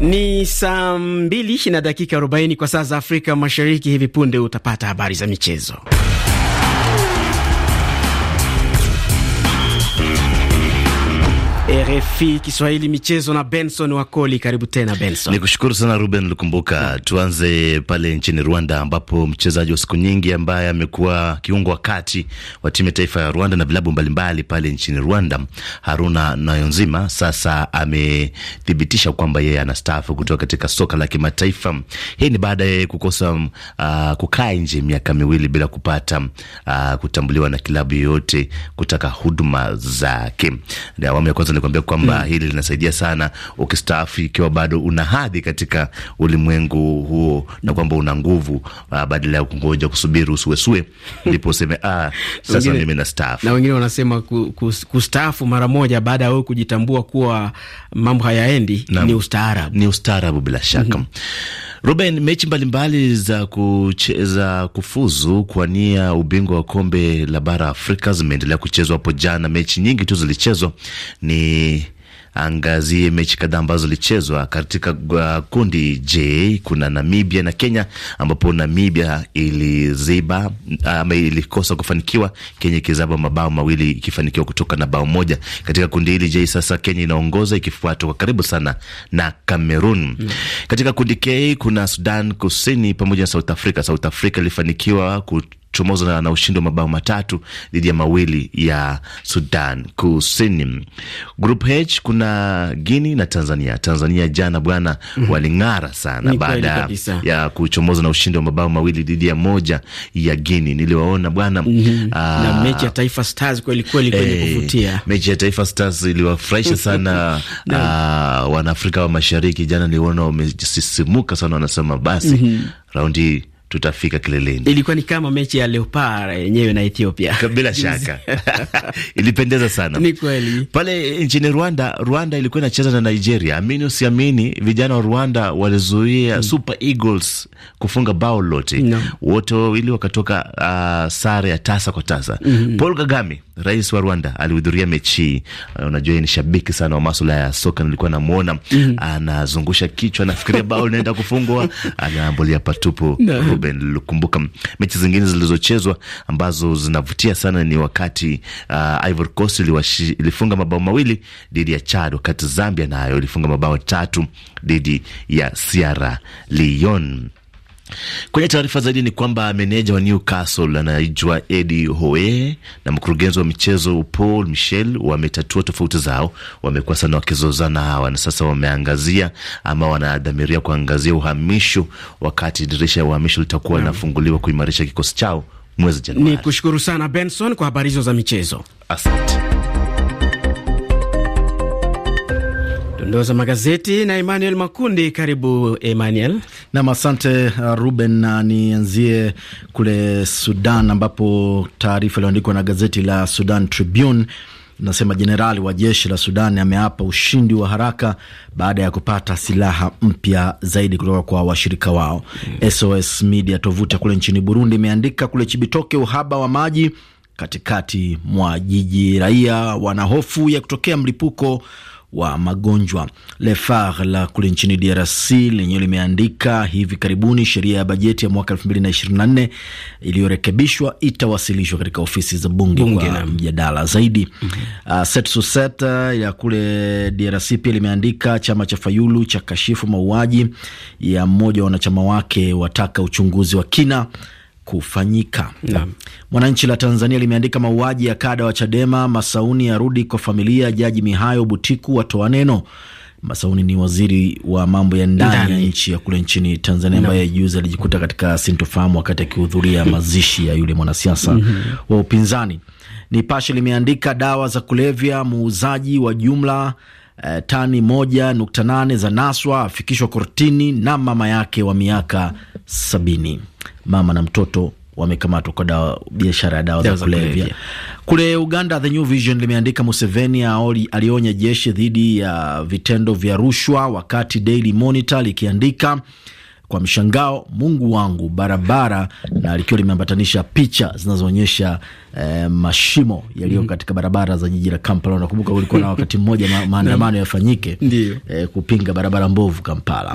Ni saa mbili na dakika 40 kwa saa za Afrika Mashariki. Hivi punde utapata habari za michezo. RFI Kiswahili michezo na Benson Wakoli. Karibu tena Benson. Ni kushukuru sana Ruben Lukumbuka. Tuanze pale nchini Rwanda ambapo mchezaji wa siku nyingi ambaye amekuwa kiungo wa kati wa timu ya taifa ya Rwanda na vilabu mbalimbali pale nchini Rwanda, Haruna Nayonzima sasa amethibitisha kwamba yeye anastaafu kutoka katika soka la kimataifa. Hii ni baada ya kukosa uh, kukaa nje miaka miwili bila kupata uh, kutambuliwa na kilabu yoyote kutaka huduma zake. Awamu ya kwanza Nakwambia kwamba mm, hili linasaidia sana ukistaafu, ikiwa bado una hadhi katika ulimwengu huo na kwamba una nguvu uh, badala ya kungoja kusubiri usuesue ndipo useme ah, sasa mimi nastaafu. Na wengine wanasema kustaafu mara moja baada ya wewe kujitambua kuwa mambo hayaendi ni ustaarabu, ni ustaarabu bila shaka mm -hmm. Ruben, mechi mbalimbali za kucheza kufuzu kuwania ubingwa wa kombe la bara Afrika zimeendelea kuchezwa hapo jana. Mechi nyingi tu zilichezwa ni angazie mechi kadhaa ambazo zilichezwa katika uh, kundi J. Kuna Namibia na Kenya, ambapo Namibia iliziba ama ilikosa kufanikiwa, Kenya ikizaba mabao mawili ikifanikiwa kutoka na bao moja katika kundi hili J. Sasa Kenya inaongoza ikifuatwa kwa karibu sana na Cameroon. Mm. Katika kundi K kuna Sudan Kusini pamoja na South Africa. South Africa ilifanikiwa kuchomoza na, na ushindi wa mabao matatu dhidi ya mawili ya Sudan Kusini. Group H kuna Guini na Tanzania. Tanzania jana bwana mm -hmm. waling'ara sana baada ya kuchomoza na ushindi wa mabao mawili dhidi ya moja ya Guini. Niliwaona bwana mm -hmm. uh, na ah, mechi ya Taifa Stars kweli kweli kwenye eh, kuvutia. Mechi ya Taifa Stars iliwafurahisha sana uh, Wanaafrika wa Mashariki. Jana niliona wamesisimuka sana, wanasema basi mm -hmm. raundi tutafika kileleni. Ilikuwa ni kama mechi ya Leopard yenyewe na Ethiopia bila shaka ilipendeza sana. Ni kweli. Pale nchini Rwanda, Rwanda ilikuwa inacheza na Nigeria. Amini usiamini, vijana wa Rwanda walizuia mm. Super Eagles kufunga bao lote no. Wote wawili wakatoka uh, sare ya tasa kwa tasa. Hmm. Paul Kagame rais wa Rwanda alihudhuria mechi hii. Eh, unajua ni shabiki sana wa masuala ya soka, nilikuwa namwona mm -hmm. anazungusha kichwa, nafikiria bao linaenda kufungwa, anaambulia patupu no. Ruben Lukumbuka. Mechi zingine zilizochezwa ambazo zinavutia sana ni wakati uh, Ivory Coast ilifunga mabao mawili dhidi ya Chad, wakati Zambia nayo na ilifunga mabao tatu dhidi ya Sierra Leone. Kwenye taarifa zaidi ni kwamba meneja wa Newcastle anaitwa Eddie Howe na mkurugenzi wa michezo Paul Michel wametatua tofauti zao. Wamekuwa sana wakizozana hawa, na sasa wameangazia ama wanadhamiria kuangazia uhamisho, wakati dirisha ya uhamisho litakuwa linafunguliwa kuimarisha kikosi chao mwezi Januari. Ni kushukuru sana Benson kwa habari hizo za michezo, asante. Dondoo za magazeti na Emmanuel Makundi. Karibu Emmanuel. Nam, asante uh, Ruben. Nianzie kule Sudan ambapo taarifa iliyoandikwa na gazeti la Sudan Tribune nasema jenerali wa jeshi la Sudan ameapa ushindi wa haraka baada ya kupata silaha mpya zaidi kutoka kwa washirika wao. Mm. SOS Media, tovuti kule nchini Burundi, imeandika kule Chibitoke uhaba wa maji katikati mwa jiji, raia wana hofu ya kutokea mlipuko wa magonjwa. Le Phare la kule nchini DRC lenyewe limeandika hivi karibuni sheria ya bajeti ya mwaka 2024 iliyorekebishwa itawasilishwa katika ofisi za bunge kwa mjadala zaidi. mm -hmm. Uh, ya kule DRC pia limeandika chama cha Fayulu cha kashifu mauaji ya mmoja wa wanachama wake, wataka uchunguzi wa kina kufanyika. Mwananchi la Tanzania limeandika mauaji ya kada wa Chadema, Masauni yarudi kwa familia, Jaji Mihayo Butiku watoa neno. Masauni ni waziri wa mambo ya ndani ya nchi ya kule nchini Tanzania ambaye no. juzi alijikuta katika sintofahamu wakati akihudhuria mazishi ya yule mwanasiasa mm -hmm. wa upinzani. Nipashe limeandika dawa za kulevya, muuzaji wa jumla Eh, tani moja nukta nane za naswa afikishwa kortini na mama yake wa miaka sabini. Mama na mtoto wamekamatwa kwa dawa, biashara ya dawa za kulevya. Kule Uganda, The New Vision limeandika Museveni alionya jeshi dhidi ya vitendo vya rushwa, wakati Daily Monitor likiandika kwa mshangao, Mungu wangu barabara, na likiwa limeambatanisha picha zinazoonyesha eh, mashimo yaliyo mhm. katika barabara za jiji la Kampala. Unakumbuka kulikuwa na wakati mmoja ma, maandamano yafanyike eh, kupinga barabara mbovu Kampala.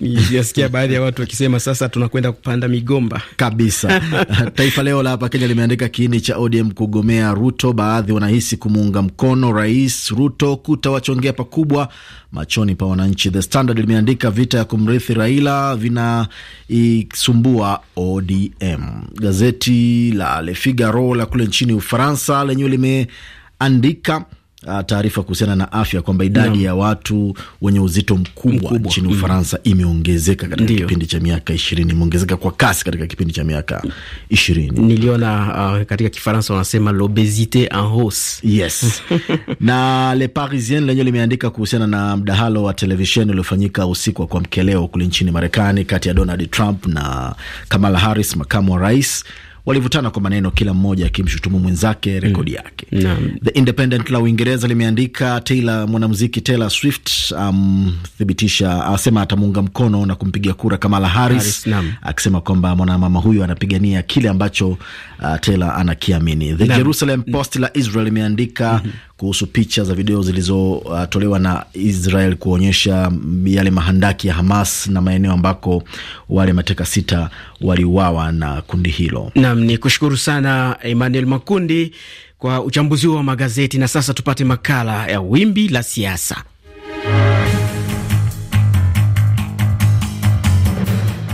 Nasikia baadhi ya watu wakisema sasa tunakwenda kupanda migomba kabisa. Taifa Leo la hapa Kenya limeandika kiini cha ODM kugomea Ruto, baadhi wanahisi kumuunga mkono Rais Ruto kutawachongea pakubwa machoni pa wananchi. The Standard limeandika vita ya kumrithi Raila vinaisumbua ODM. Gazeti la Le Figaro Figaro la kule nchini Ufaransa lenyewe limeandika ah, taarifa kuhusiana na afya kwamba idadi yeah. ya watu wenye uzito mkubwa, mkubwa. nchini mm. Ufaransa mm. imeongezeka katika Ndiyo. kipindi cha miaka ishirini, imeongezeka kwa kasi katika kipindi cha miaka ishirini. Niliona uh, katika Kifaransa wanasema lobesite en hausse. Yes na Le Parisien lenyewe limeandika kuhusiana na mdahalo wa televisheni uliofanyika usiku wa kuamkia leo kule nchini Marekani, kati ya Donald Trump na Kamala Harris, makamu wa rais walivutana kwa maneno, kila mmoja akimshutumu mwenzake rekodi mm. yake. mm. The Independent la Uingereza limeandika Taylor, mwanamuziki Taylor Swift amthibitisha, um, asema atamuunga mkono na kumpigia kura Kamala Harris, Harris akisema kwamba mwanamama huyu anapigania kile ambacho uh, Taylor anakiamini. The Jerusalem Post la Israel limeandika mm -hmm kuhusu picha za video zilizotolewa uh, na Israel kuonyesha yale mahandaki ya Hamas na maeneo ambako wale mateka sita waliuawa na kundi hilo. Naam, ni kushukuru sana Emmanuel Makundi kwa uchambuzi wa magazeti, na sasa tupate makala ya wimbi la siasa.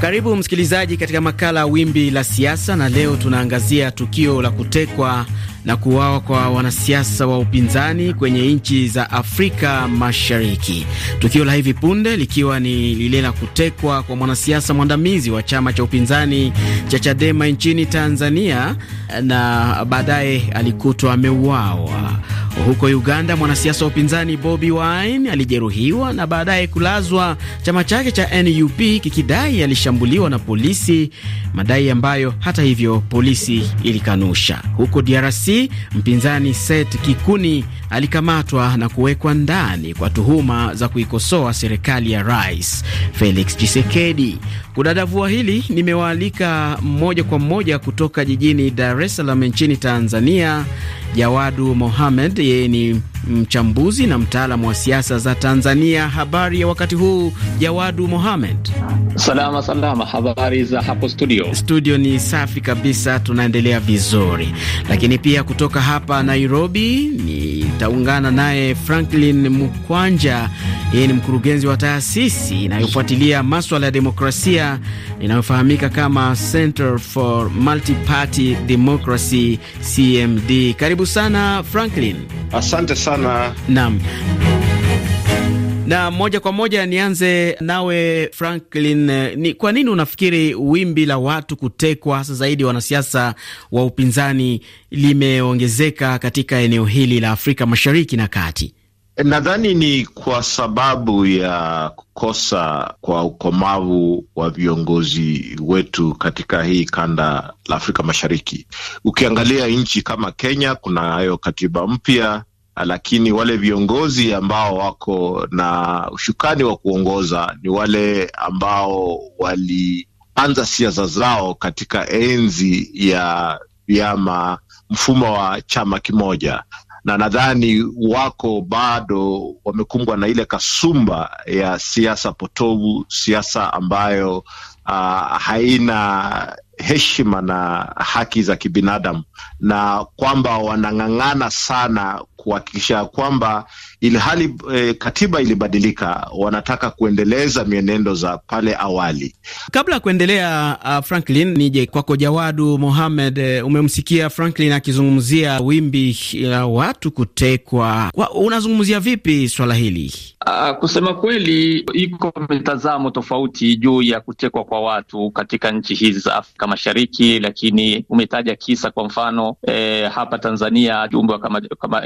Karibu msikilizaji katika makala ya wimbi la siasa, na leo tunaangazia tukio la kutekwa na kuuawa kwa wanasiasa wa upinzani kwenye nchi za Afrika Mashariki, tukio la hivi punde likiwa ni lile la kutekwa kwa mwanasiasa mwandamizi wa chama cha upinzani cha Chadema nchini Tanzania na baadaye alikutwa ameuawa. Huko Uganda, mwanasiasa wa upinzani Bobi Wine alijeruhiwa na baadaye kulazwa, chama chake cha NUP kikidai alishambuliwa na polisi, madai ambayo hata hivyo polisi ilikanusha. Huko DRC, mpinzani Seth Kikuni alikamatwa na kuwekwa ndani kwa tuhuma za kuikosoa serikali ya Rais Felix Tshisekedi. Kudadavua hili nimewaalika mmoja kwa mmoja kutoka jijini Dar es Salaam nchini Tanzania, Jawadu Mohamed yeye ni mchambuzi na mtaalamu wa siasa za Tanzania. Habari ya wakati huu, Jawadu Mohamed. Salama salama, habari za hapo studio? Studio ni safi kabisa, tunaendelea vizuri. Lakini pia kutoka hapa Nairobi nitaungana naye Franklin mkwanja yeye ni mkurugenzi wa taasisi inayofuatilia maswala ya demokrasia inayofahamika kama Center for Multiparty Democracy, CMD. Karibu sana Franklin. Asante sana. Naam na moja kwa moja nianze nawe Franklin, eh, ni kwa nini unafikiri wimbi la watu kutekwa hasa zaidi wanasiasa wa upinzani limeongezeka katika eneo hili la Afrika Mashariki na Kati? Nadhani ni kwa sababu ya kukosa kwa ukomavu wa viongozi wetu katika hii kanda la Afrika Mashariki. Ukiangalia nchi kama Kenya, kunayo katiba mpya, lakini wale viongozi ambao wako na ushukani wa kuongoza ni wale ambao walianza siasa zao katika enzi ya vyama, mfumo wa chama kimoja na nadhani wako bado wamekumbwa na ile kasumba ya siasa potovu, siasa ambayo uh, haina heshima na haki za kibinadamu, na kwamba wanang'ang'ana sana kuhakikisha kwamba ili hali e, eh, katiba ilibadilika, wanataka kuendeleza mienendo za pale awali. Kabla ya kuendelea, uh, Franklin, nije kwako Jawadu Mohamed. Eh, umemsikia Franklin akizungumzia wimbi la watu kutekwa. Unazungumzia vipi swala hili? Uh, kusema kweli, iko mitazamo tofauti juu ya kutekwa kwa watu katika nchi hizi za Afrika Mashariki, lakini umetaja kisa kwa mfano eh, hapa Tanzania jumbe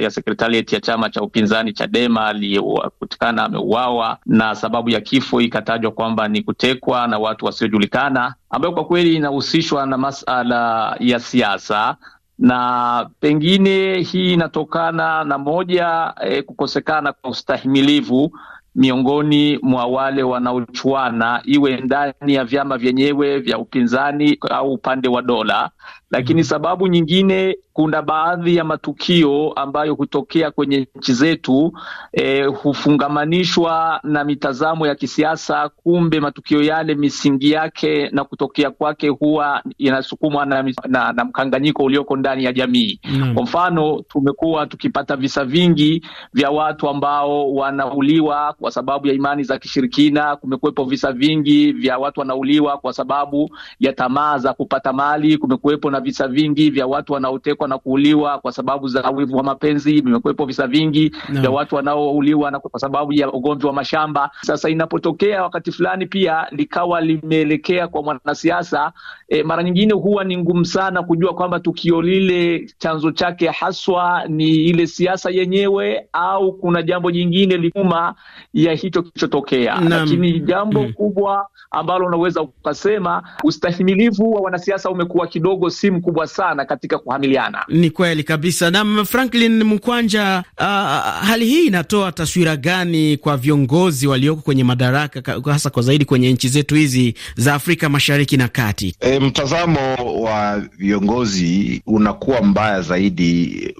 ya sekretarieti ya chama cha upinzani cha Chadema aliyepatikana ameuawa na sababu ya kifo ikatajwa kwamba ni kutekwa na watu wasiojulikana, ambayo kwa kweli inahusishwa na masala ya siasa na pengine hii inatokana na moja e, kukosekana kwa ustahimilivu miongoni mwa wale wanaochuana, iwe ndani ya vyama vyenyewe vya upinzani au upande wa dola. Lakini sababu nyingine kuna baadhi ya matukio ambayo hutokea kwenye nchi zetu eh, hufungamanishwa na mitazamo ya kisiasa. Kumbe matukio yale misingi yake na kutokea kwake huwa inasukumwa na, na, na mkanganyiko ulioko ndani ya jamii mm. Kwa mfano, tumekuwa tukipata visa vingi vya watu ambao wanauliwa kwa sababu ya imani za kishirikina. Kumekuwepo visa vingi vya watu wanauliwa kwa sababu ya tamaa za kupata mali. Kumekuwepo na visa vingi vya watu wanaotekwa na kuuliwa kwa sababu za wivu wa mapenzi. Vimekuwepo visa vingi no. vya watu wanaouliwa na kwa sababu ya ugomvi wa mashamba. Sasa inapotokea wakati fulani pia likawa limeelekea kwa mwanasiasa e, mara nyingine huwa ni ngumu sana kujua kwamba tukio lile chanzo chake haswa ni ile siasa yenyewe au kuna jambo jingine liuma ya hicho kilichotokea, lakini jambo mm. kubwa ambalo unaweza ukasema ustahimilivu wa wanasiasa umekuwa kidogo si mkubwa sana katika kuhamiliana sana. Ni kweli kabisa. Nam Franklin Mkwanja, uh, ah, hali hii inatoa taswira gani kwa viongozi walioko kwenye madaraka hasa kwa zaidi kwenye nchi zetu hizi za Afrika Mashariki na Kati? E, mtazamo wa viongozi unakuwa mbaya zaidi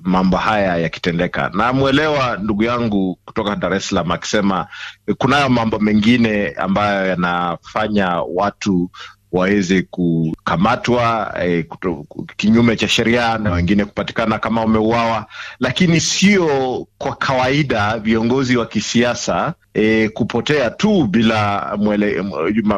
mambo haya yakitendeka. Namwelewa ndugu yangu kutoka Dar es Salaam akisema kunayo mambo mengine ambayo yanafanya watu waweze kukamatwa e, kinyume cha sheria na wengine kupatikana kama wameuawa, lakini sio kwa kawaida viongozi wa kisiasa e, kupotea tu bila mwele,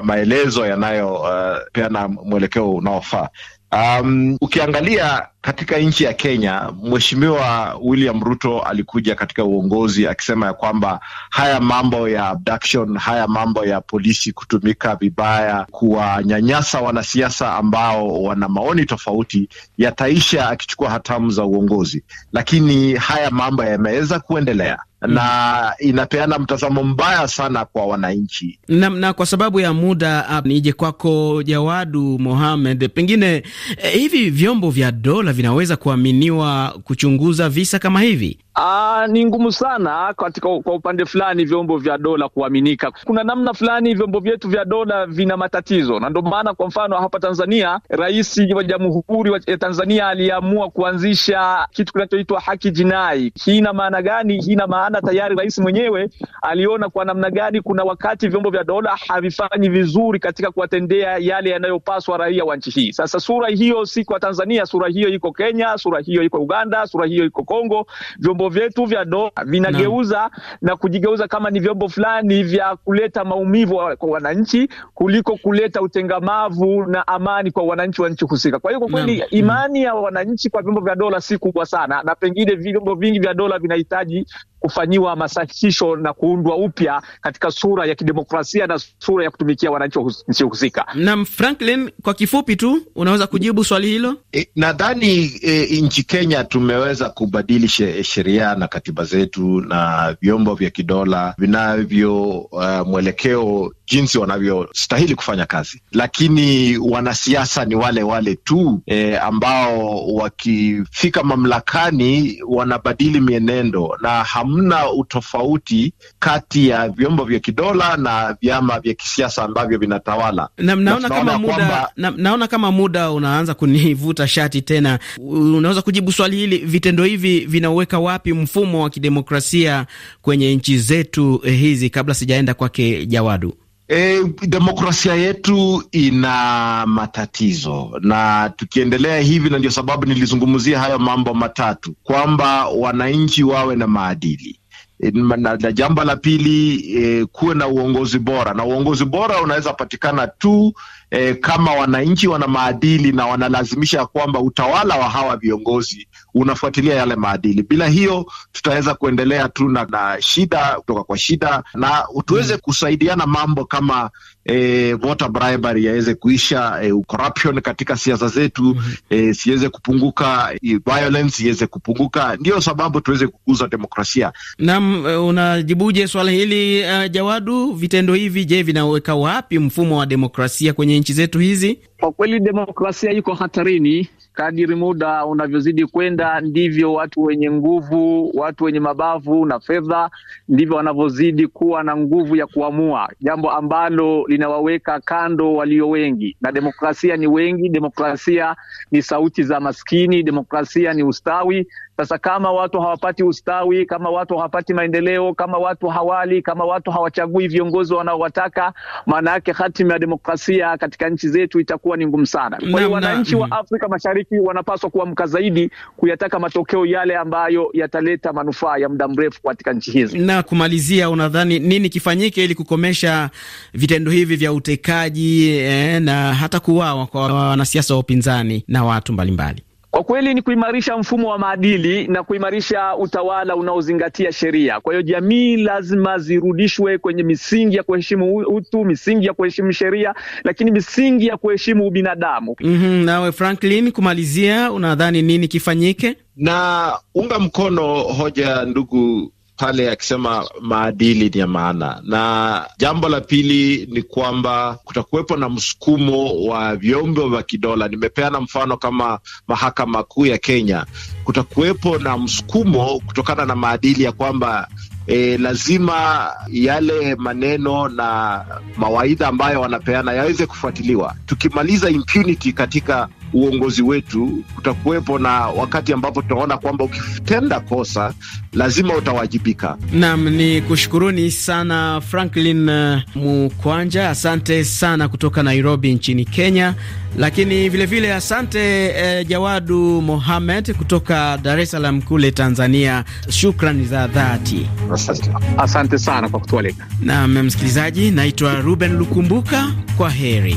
maelezo yanayopeana eh, uh, mwelekeo unaofaa. Um, ukiangalia katika nchi ya Kenya, Mheshimiwa William Ruto alikuja katika uongozi akisema ya kwamba haya mambo ya abduction, haya mambo ya polisi kutumika vibaya kuwanyanyasa wanasiasa ambao wana maoni tofauti yataisha akichukua hatamu za uongozi, lakini haya mambo yameweza kuendelea na mhm. inapeana mtazamo mbaya sana kwa wananchi. Na, na kwa sababu ya muda ah, nije kwako Jawadu Mohamed, pengine eh, hivi vyombo vya dola vinaweza kuaminiwa kuchunguza visa kama hivi? Aa, ah, ni ngumu sana katika kwa upande fulani vyombo vya dola kuaminika. Kuna namna fulani vyombo vyetu vya dola vina matatizo, na ndio maana kwa mfano hapa Tanzania rais wa Jamhuri ya eh, Tanzania aliamua kuanzisha kitu kinachoitwa haki jinai. Hii ina maana gani? Hii ina maana tayari rais mwenyewe aliona kwa namna gani kuna wakati vyombo vya dola havifanyi vizuri katika kuwatendea yale yanayopaswa raia wa nchi hii. Sasa sura hiyo si kwa Tanzania, sura hiyo iko Kenya, sura hiyo iko Uganda, sura hiyo iko Kongo vyombo vyombo vyetu vya dola vinageuza na, na kujigeuza kama ni vyombo fulani vya kuleta maumivu kwa wananchi kuliko kuleta utengamavu na amani kwa wananchi wa nchi husika. Kwa hiyo kwa kweli mm-hmm. imani ya wananchi kwa vyombo vya dola si kubwa sana, na pengine vyombo vingi vya dola vinahitaji kufanyiwa masahihisho na kuundwa upya katika sura ya kidemokrasia na sura ya kutumikia wananchi wa nchi husika. Naam, Franklin, kwa kifupi tu unaweza kujibu swali hilo? E, nadhani e, nchi Kenya tumeweza kubadili sheria sheria na katiba zetu na vyombo vya kidola vinavyo uh, mwelekeo jinsi wanavyostahili kufanya kazi, lakini wanasiasa ni wale wale tu e, ambao wakifika mamlakani wanabadili mienendo na hamna utofauti kati ya vyombo vya kidola na vyama vya kisiasa ambavyo vinatawala. Na, naona, na kama muda, kwamba... na, naona kama muda unaanza kunivuta shati tena, unaweza kujibu swali hili, vitendo hivi vinaweka wapi wapi mfumo wa kidemokrasia kwenye nchi zetu eh, hizi, kabla sijaenda kwake Jawadu? E, demokrasia yetu ina matatizo na tukiendelea hivi, na ndio sababu nilizungumzia hayo mambo matatu kwamba wananchi wawe na maadili eh, na, na jambo la pili e, kuwe na uongozi bora, na uongozi bora unaweza patikana tu e, kama wananchi wana maadili na wanalazimisha kwamba utawala wa hawa viongozi unafuatilia yale maadili. Bila hiyo tutaweza kuendelea tu na shida kutoka kwa shida, na tuweze hmm. kusaidiana mambo kama e, eh, voter bribery yaweze kuisha, e, corruption katika siasa zetu mm -hmm. e, siweze kupunguka e, violence iweze kupunguka, ndio sababu tuweze kukuza demokrasia. Naam, unajibuje swala hili uh, Jawadu? Vitendo hivi je, vinaweka wapi mfumo wa demokrasia kwenye nchi zetu hizi? Kwa kweli demokrasia iko hatarini. Kadiri muda unavyozidi kwenda, ndivyo watu wenye nguvu, watu wenye mabavu na fedha, ndivyo wanavyozidi kuwa na nguvu ya kuamua jambo ambalo linawaweka kando walio wengi, na demokrasia ni wengi, demokrasia ni sauti za maskini, demokrasia ni ustawi, sasa kama watu hawapati ustawi, kama watu hawapati maendeleo, kama watu hawali, kama watu hawachagui viongozi wanaowataka, maana yake hatima ya demokrasia katika nchi zetu itakuwa ni ngumu sana. Kwa hiyo wananchi wa mm. Afrika Mashariki wanapaswa kuamka zaidi kuyataka matokeo yale ambayo yataleta manufaa ya muda mrefu katika nchi hizi. Na kumalizia, unadhani nini kifanyike ili kukomesha vitendo hivi vya utekaji eh, na hata kuuawa kwa wanasiasa wa upinzani na watu mbalimbali? Kwa kweli ni kuimarisha mfumo wa maadili na kuimarisha utawala unaozingatia sheria. Kwa hiyo jamii lazima zirudishwe kwenye misingi ya kuheshimu utu, misingi ya kuheshimu sheria, lakini misingi ya kuheshimu ubinadamu. mm -hmm. Nawe Franklin, kumalizia, unadhani nini kifanyike? Na unga mkono hoja ndugu pale akisema maadili ni ya maana, na jambo la pili ni kwamba kutakuwepo na msukumo wa vyombo vya kidola. Nimepeana mfano kama mahakama kuu ya Kenya, kutakuwepo na msukumo kutokana na maadili ya kwamba E, lazima yale maneno na mawaidha ambayo wanapeana yaweze kufuatiliwa. Tukimaliza impunity katika uongozi wetu, kutakuwepo na wakati ambapo tunaona kwamba ukitenda kosa lazima utawajibika. Naam, ni kushukuruni sana Franklin uh, Mukwanja, asante sana kutoka Nairobi nchini Kenya, lakini vilevile vile asante eh, Jawadu Mohamed kutoka Dar es Salaam kule Tanzania. Shukrani za dhati, asante, asante sana kwa kutualika. Naam msikilizaji, naitwa Ruben Lukumbuka, kwa heri.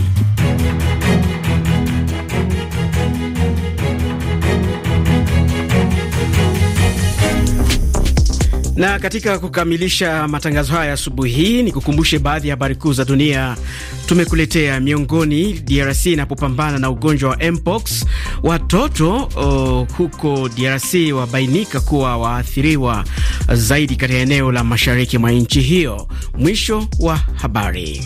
Na katika kukamilisha matangazo haya asubuhi hii, ni kukumbushe baadhi ya habari kuu za dunia tumekuletea. Miongoni, DRC inapopambana na ugonjwa wa mpox, watoto oh, huko DRC wabainika kuwa waathiriwa zaidi katika eneo la mashariki mwa nchi hiyo. Mwisho wa habari.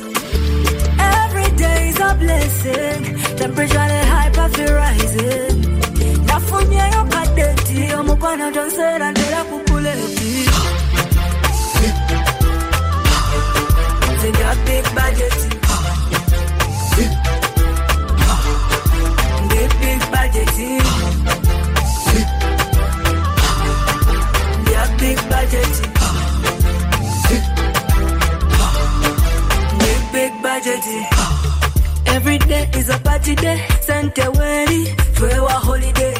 days a blessing. Temperature and hyper rising. Nafunia yo kadeti, omukwana tonsera ndera kukuleti. Zinga big budget. Big big budget. Big budget. Big big budget. Every day is a party day. Santa Wari, Fuewa holiday.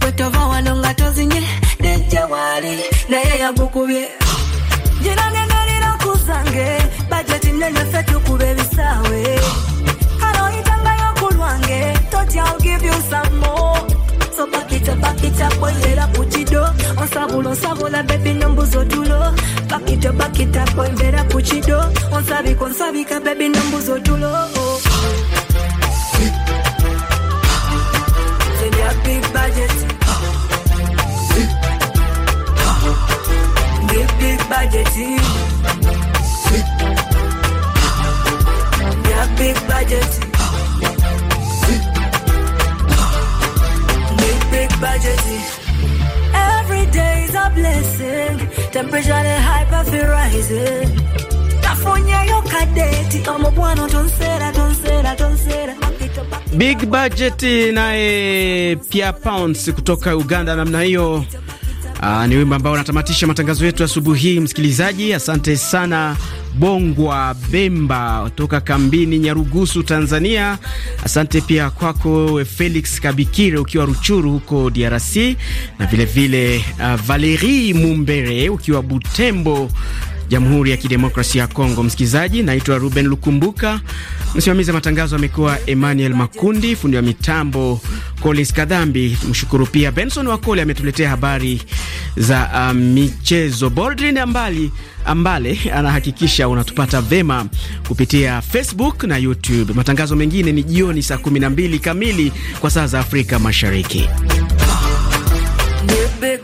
Wetova wanonga tozinye, Deja Wari, na yeya gukubye. Jina nengeni na kuzange, budget nene fetu kubevisawe. Haro itanga yoku luange, toti I'll give you some more. Pa ki to, pa ki tapoy, vera koutido On sabou, on sabou, la bebe nambou zotulo Pa ki to, pa ki tapoy, vera koutido On sabi, kon sabi, ka bebe nambou zotulo Ha, si, ha, diya big bajeti Ha, si, ha, diya big bajeti Ha, si, ha, diya big bajeti temperature the hype I feel rising. Tafunya yo kadeti, omo bwana tonsera tonsera tonsera. Big budget naye Pia Pounds kutoka Uganda namna hiyo Aa, ah, ni wimbo ambao unatamatisha matangazo yetu asubuhi. Msikilizaji, asante sana Bongwa Bemba toka kambini Nyarugusu, Tanzania. Asante pia kwako Felix Kabikire ukiwa Ruchuru huko DRC na vilevile vile, uh, ah, Valerie Mumbere ukiwa Butembo Jamhuri ya Kidemokrasia ya Kongo. Msikilizaji, naitwa Ruben Lukumbuka, msimamizi wa matangazo amekuwa Emmanuel Makundi, fundi wa mitambo Colis Kadhambi. Mshukuru pia Benson Wakoli ametuletea habari za uh, michezo. Boldrin ambali ambale anahakikisha unatupata vema kupitia Facebook na YouTube. Matangazo mengine ni jioni saa 12 kamili kwa saa za Afrika Mashariki.